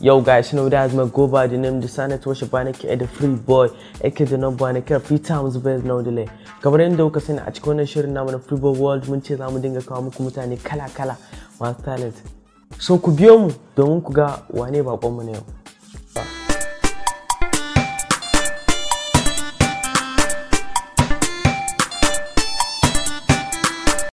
yau ga shi know that's my go by the name Designer Tosha ke at the Free Boy, aka the number one care free times best no delay. Kamar yadda kuka sani a cikin wannan shirin namu na Free Boy World mun ce za mu dinga kawo muku mutane kala-kala masu talent. So ku biyo mu domin ku ga wane bakon mu na yau.